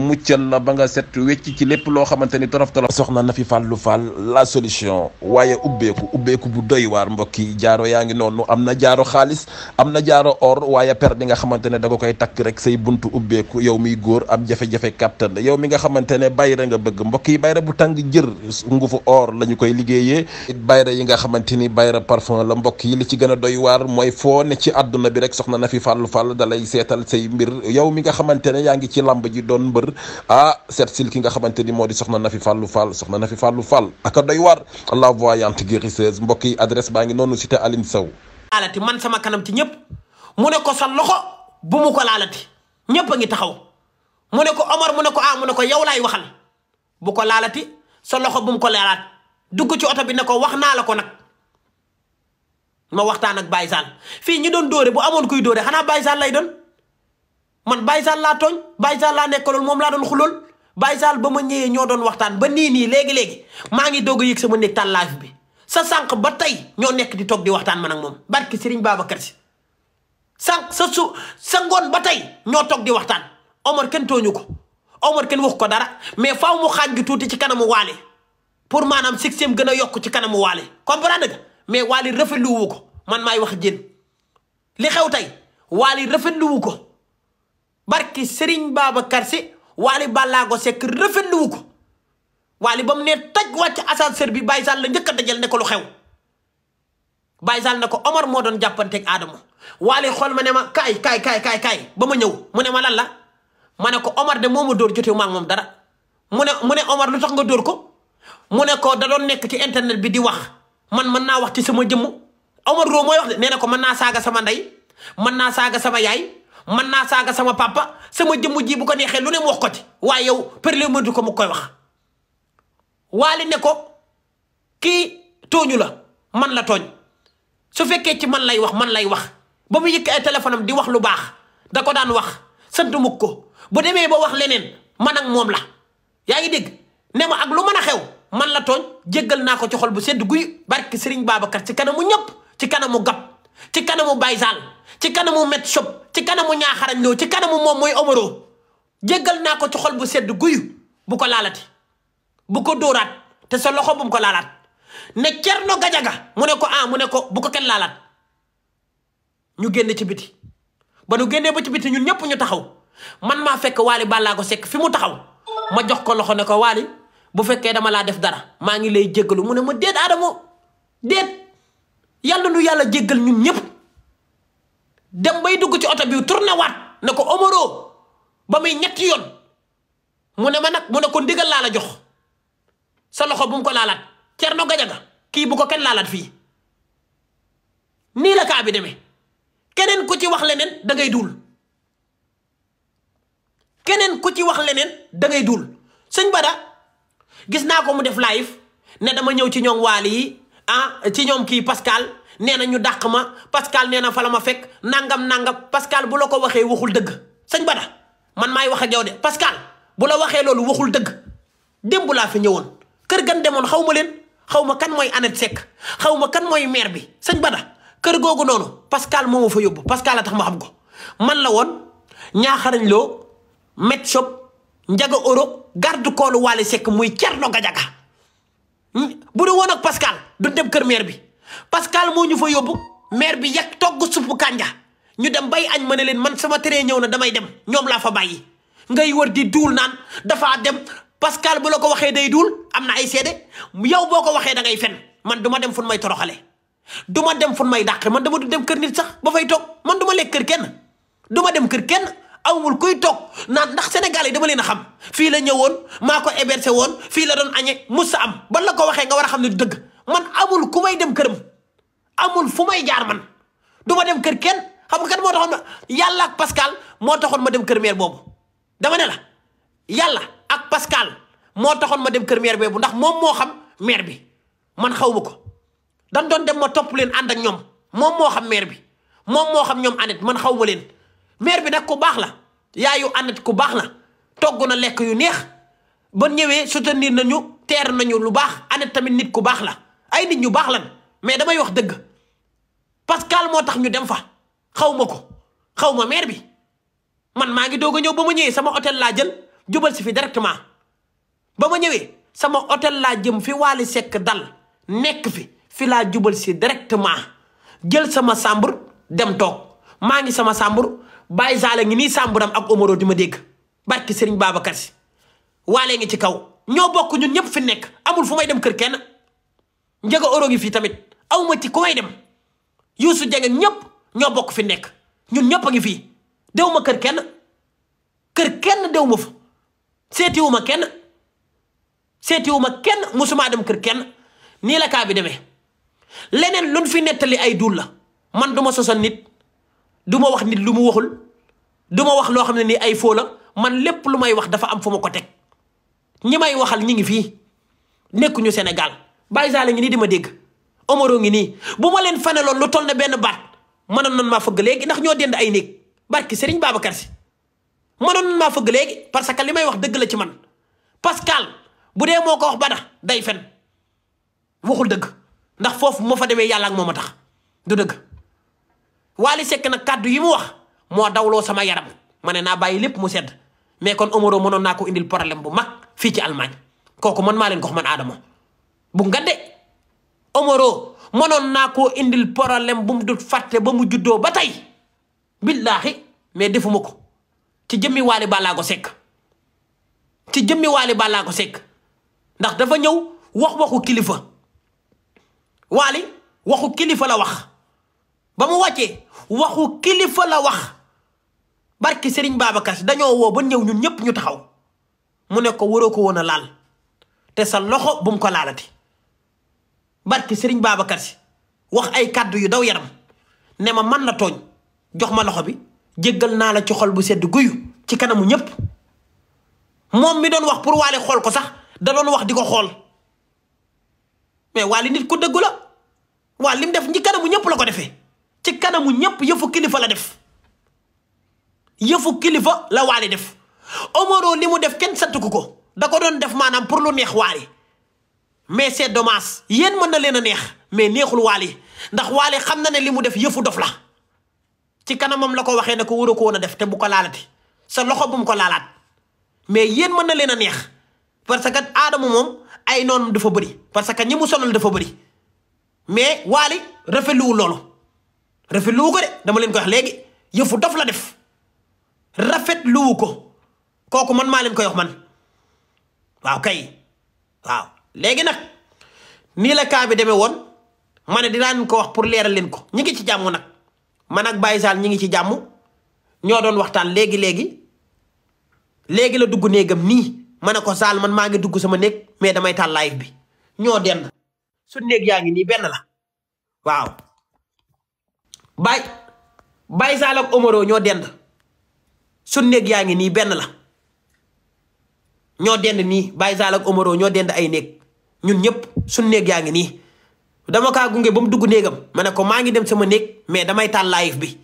muccal la ba nga set wecc ci lépp loo xamante ni torof torof soxna na fi fàllu fàll la solution waaye ubbeeku ubbeeku bu doy waar mbokki jaaro yaa ngi noonu am na jaaro xaalis am na jaaro or waaye per bi nga xamante ne da nga koy takk rek say buntu ubbeeku yow miy góor am jafe-jafe kàttan yow mi nga xamante ne bayra nga bëgg mbokk yi bayra bu tàng jër ngufu or la koy liggéeyee it yi nga xamante ni bayra parfum la mbokk yi li ci gën a doy waar mooy foo ci àdduna bi rek soxna na fi fàllu fàll da lay seetal say mbir yow mi nga xamante ne yaa ngi ci lamb kër ah seet sil ki nga xamante ni moo di soxna Nafi Fallou Fall soxna Nafi Fallou Fall aka doy a la voyante guérisseuse mbokk yi adresse baa ngi noonu cité Aline Sow laalati man sama kanam ci ñëpp mu ne ko sa loxo bu mu ko laalati ñëpp a ngi taxaw mu ne ko Omar mu ne ko ah mu ne ko yow laay waxal bu ko laalati sa loxo bu mu ko laalaat dugg ci oto bi na ko wax naa la ko nag ma waxtaan ak Baye Sall fii ñi doon dóore bu amoon kuy dóore xanaa Baye Sall lay doon man Baye Sall laa tooñ Baye Sall laa nekkaloon moom laa doon xulool Baye Sall ba ma ñëwee ñoo doon waxtaan ba nii nii léegi léegi maa ngi doog a yëg sama néeg taal live bi sa sànq ba tey ñoo nekk di toog di waxtaan ma ak moom barki Serigne Babacar Si sànq sa su sa ngoon ba tey ñoo toog di waxtaan Omar kenn tooñu ko Omar kenn wax ko dara mais faaw mu xaaj ju tuuti ci kanamu waale pour maanaam sixième gën a yokku ci kanamu waale comprendre nga mais waali rafetlu wu ko man maay wax jën li xew tey waali rafetlu wu ko. barki Serigne Babacar Sy Wally Ballago Seck rafetluwu ko Wally ba mu ne taj wàcc ascenseur bi Baye Sall la njëkk a dajal ne ko lu xew Baye Sall ne ko Omar moo doon jàppanteeg Adama Wally xool ma ne ma kaay kaay kaay kaay ba ma ñëw mu ne ma lan la ma ne ko Omar de moo ma dóor jote ma ak moom dara mu ne mu ne Omar lu tax nga dóor ko mu ne ko da doon nekk ci internet bi di wax man mën naa wax ci sama jëmm Omar Ro mooy wax ne nee na ko mën naa saaga sama ndey mën naa saaga sama yaay. man naa saaga sama pàppa sama jëmm ji bu ko neexee lu ne mu wax ko ci waaye yow përle mëntu ko mu koy wax waali ne ko kii tooñu la man la tooñ su fekkee ci man lay wax man lay wax ba mu yëkk ay téléphone am di wax lu baax da ko daan wax sant mukk ko bu demee ba wax leneen man moom la yaa ngi dégg ne ma ak lu mën a xew man la tooñ jëggal naa ko ci xol bu sedd guy sëriñ Serigne Babacar ci kanamu ñëpp ci kanamu gab ci kanamu Baye ci kanamu met shop ci kanamu ñaaxarañ loo ci kanamu moom mooy omoro jéggal naa ko ci bu sedd guyu bu ko laalati bu ko dóoraat te sa loxo bu mu ko laalaat ne Cerno Gajaga mu ne ko ah mu ne ko bu ko kenn laalaat ñu génn ci biti ba nu génnee ba ci biti ñun ñëpp ñu taxaw man maa fekk ba laa ko sekk fi mu taxaw ma jox ko loxo ne ko Waly bu fekkee dama laa def dara maa ngi lay jéggalu mu ne ma déet Adamo déet yàlla nu yàlla jéggal ñu ñëpp dem bay dugg ci oto bi tourné waat ne ko Omaro ba muy ñetti yoon mu ne ma nag mu ne ko ndigal laa la jox sa loxo bu mu ko laalaat Thierno Gadiaga kii bu ko kenn laalaat fii nii la kaa bi demee keneen ko ci wax leneen da ngay duul keneen ku ci wax leneen da ngay duul sëñ gis naa ko mu def live ne dama ñëw ci ñoom waali yi ah ci ñoom kii Pascal nee na ñu dàq ma Pascal nee na fa la ma fekk nangam nangam Pascal bu la ko waxee waxul dëgg sëñ Bada man maay wax ak yow de Pascal bu la waxee loolu waxul dëgg démb laa fi ñëwoon kër gan demoon xaw ma leen xaw ma kan mooy Annette Seck xaw ma kan mooy maire bi sëñ Bada kër googu noonu Pascal moo ma fa yóbbu Pascal a tax ma xam ko man la woon ñaaxarañ loo met shop njaga euro garde koolu Wally Seck muy Cerno Gajaga hmm? bu dee woon ak Pascal du dem kër maire bi. Pascal moo ñu fa yóbbu maire bi yàgg togg suppu kànja ñu dem bay añ ma ne leen man sama teree ñëw na damay dem ñoom laa fa bàyyi ngay wër di duul naan dafaa dem Pascal bu la ko waxee day duul am na ay seede yow boo ko waxee da ngay fen man duma dem fu may toroxale du ma dem fu may dàqe man dama du dem kër nit sax ba fay toog man du ma lekk kër kenn du ma dem kër kenn amul kuy toog naan ndax Sénégal dama leen a xam fii la ñëwoon maa ko hébergé woon fii la doon añe mus sa am ban la ko waxee nga war a xam ne dëgg man amul ku may dem këram amul fu may jaar man du ma dem kër kenn xam nga kat moo taxoon ma yàlla ak Pascal moo taxoon ma dem kër meer boobu dama ne la yàlla ak Pascal moo taxoon ma dem kër meer beebu ndax moom moo xam meer bi man xaw ma ko dan doon dem ma topp leen ànd ak ñoom moom moo xam meer bi moom moo xam ñoom Annette man xaw ma leen meer bi nag ku baax la yaayu Annette ku baax la togg na lekk yu neex ba ñëwee soutenir nañu teer nañu lu baax Annette tamit nit ku baax la ay nit ñu baax lan mais damay wax dëgg Pascal moo tax ñu dem fa xaw ma ko xaw ma maire bi man maa ngi doog a ñëw ba ma ñëwee sama hôtel laa jël jubal si fi directement ba ma ñëwee sama hôtel laa jëm fi Wally Seck dal nekk fi fi laa jubal si directement jël sama chambre dem toog maa ngi sama chambre bàyyi saala ngi nii chambre-am ak Omaro di ma dégg ba barki Serigne Babacar Si waale ngi ci kaw ñoo bokk ñun ñëpp fi nekk amul fu may dem kër kenn njëga euro gi fii tamit awma ci ku may dem Youssou jege ñëpp ñoo bokk fi nekk ñun ñëpp a ngi fi dew ma kër kenn kër kenn dew ma fa seetiwu ma kenn seetiwu kenn musumaa dem kër kenn nii la kaa bi demee leneen luñ fi nettali ay duul la man duma ma sosal nit du ma wax nit lu mu waxul duma wax loo xam ne nii ay foo man lépp lu may wax dafa am fu ma ko teg ñi may waxal ñi ngi fii nekkuñu senegal saa la ngi nii di ma dégg omoroo ngi nii bu ma leen faneloon lu toll ne benn baat mënoon nan ma fëgg léegi ndax ñoo dend ay néeg barki Serigne Babacar si mënoon nan maa fëgg léegi parce que li may wax dëgg la ci man Pascal bu dee moo ko wax bana day fen waxul dëgg ndax foofu moo fa demee yàlla ak moom a tax du dëgg Wally Seck na kàddu yi mu wax moo dawloo sama yaram ma ne naa bàyyi lépp mu sedd mais kon Omaro mënoon naa ko indil problème bu mag fii ci Allemagne kooku man maa leen ko wax man Adama bu nga ngadde Omaro mënoon naa ko indil problème bu mu dut fàtte ba mu juddoo ba tey billaahi mais defuma ko ci jëmmi Waly Ballago Seck ci jëmmi Waly Ballago Seck ndax dafa ñëw wax waxu kilifa Waly waxu kilifa la wax ba mu wàccee waxu kilifa la wax barki Serigne Babacar dañoo woo ba ñëw ñun ñëpp ñu taxaw mu ne ko waroo ko woon a laal te sa loxo bum mu ko laalati barki Serigne Babacar si wax ay kàddu yu daw yaram ne ma man la tooñ jox ma loxo bi jéggal naa la ci xol bu sedd guyu ci kanamu ñëpp moom mi doon wax pour waale xool ko sax da doon wax di ko xool mais waali nit ku dëggu la waa lim def ci kanamu ñëpp la ko defee ci kanamu ñëpp yëfu kilifa la def yëfu kilifa la waali def Omaro li mu def kenn sant ko ko da ko doon def maanaam pour lu neex waali mais c'est dommage yéen mën na leen a neex mais neexul waali ndax waali xam na ne li mu def yëfu dof la ci kanamam la ko waxee ne ko war ko woon a def te bu ko laalati sa loxo bu mu ko laalaat mais yéen mën na leen a neex parce que aadama moom ay noonam dafa bëri parce que ñi mu sonal dafa bëri mais waali rafetluwul loolu rafetluwu ko de dama leen ko wax léegi yëfu dof la def rafetluwu ko kooku man maa leen koy wax man waaw kay léegi nag nii la cas bi demee woon ma ne dinaa leen ko wax pour leeral leen ko ñi ngi ci jàmm nag man ak Baye Sall ñi ngi ci jàmm ñoo doon waxtaan léegi léegi léegi la dugg néegam nii ma ne ko Sall man maa dugg sama néeg mais damay taal live bi ñoo dend su néeg yaa ngi nii benn la waaw Baye Baye ñoo dend su néeg yaa ngi nii benn la ñoo dend nii Baye Sall ñoo dend ay néeg ñun ñëpp suñ néeg yaa ngi nii dama kaa gunge ba mu dugg néegam ma ne ko maa ngi dem sama néeg mais damay taal live bi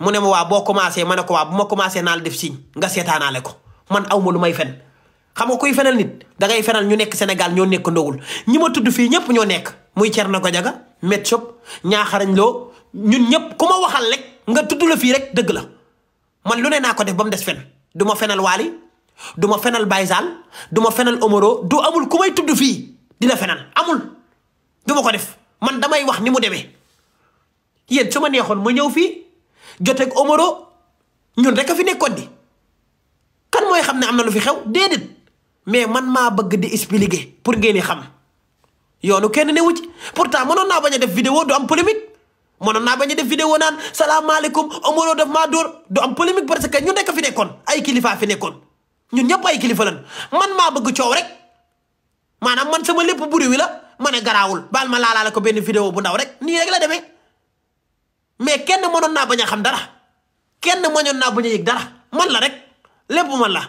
mu ne ma waa boo commencé ma ne ko waa bu ma commencé naa la def signe nga seetaanaale ko man awma lu may fen xam nga kuy fenal nit da ngay fenal ñu nekk Sénégal ñoo nekk ñi ma tudd fii ñëpp ñoo nekk muy Thierno Gadiaga Met Shop ñaaxarañ loo ñun ñëpp ku ma waxal rek nga tudd la fii rek dëgg la man lu ne naa ko def ba mu des fen du ma fenal Wally du ma fenal Baye duma fenal Omaro du amul ku may tudd fii dina fenal amul du ko def man damay wax ni mu demee yéen su neexoon ma ñëw fii joteeg Omaro ñun rek a fi nekkoon di kan mooy xam ne am na lu fi xew déedéet mais man maa bëgg di expliquer pour ngeen xam yoonu kenn newu ci pourtant mënoon naa bañ a def vidéo du am polémique mënoon naa bañ a def vidéo naan salaamaaleykum Omaro daf maa door doo am polémique parce que ñun rek fi nekkoon ay kilifa fi nekkoon. ñun ñëpp ay kilifa lan man maa bëgg coow rek maanaam man sama lépp buri wi la ma ne garaawul baal ma laa laalaale ko benn vidéo bu ndaw rek nii rek la demee mais kenn mënoon naa bañ a xam dara kenn mënoon naa bañ a yëg dara man la rek lépp man la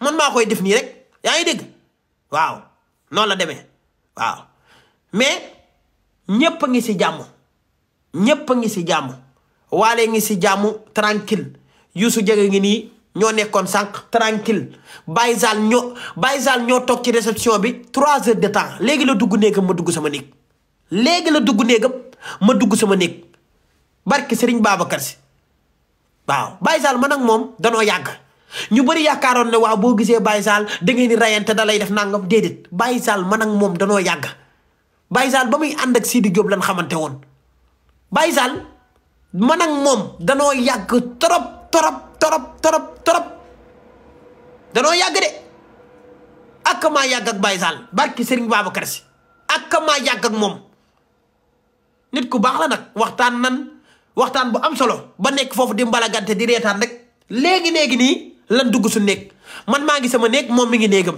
man maa koy def nii rek yaa ngi dégg waaw noonu la demee waaw mais ñépp a ngi si jàmm ñépp ngi si jàmm waale ngi si jàmm tranquille yuusu jege ngi nii ñoo nekkoon sànq tranquille Baye Zal ñoo Baye ñoo toog ci réception bi trois heures de temps léegi la dugg néegam ma dugg sama néeg léegi la dugg néegam ma dugg sama néeg barke Serigne Babacar si waaw Baye ma man moom danoo yàgg ñu bëri yaakaaroon ne waaw boo gisee Baye da ngeen di rayante da lay def nangam déedéet Baye Zal man moom danoo yàgg Baye ba muy ànd ak Sidi lan xamante woon Baye ma man moom danoo yàgg trop trop. torop torop torop danoo yàgg de ak maa yàgg ak Baye Sall barki Serigne Babacar Sy ak maa yàgg ak moom nit ku baax la nag waxtaan nan waxtaan bu am solo ba nekk foofu di mbalagante di reetaan rek léegi léegi nii lan dugg su néeg man maa ngi sama néeg moom mi ngi néegam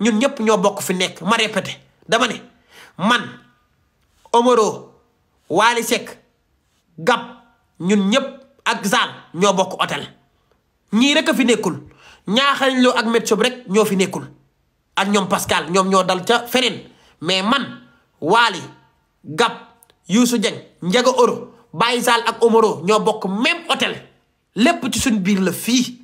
ñun ñëpp ñoo bokk fi nekk ma répété dama ne man Omaro Wally Seck Gab ñun ñëpp ak Sall ñoo bokk hôtel ñii rek a fi nekkul ñaaxañ loo ak Metsob rek ñoo fi nekkul ak ñoom Pascal ñoom ñoo dal ca feneen mais man Waly gàpp Youssou Dieng Ndiaga Oro Baye Sall ak Omoro ñoo bokk même hôtel lépp ci suñ biir la fii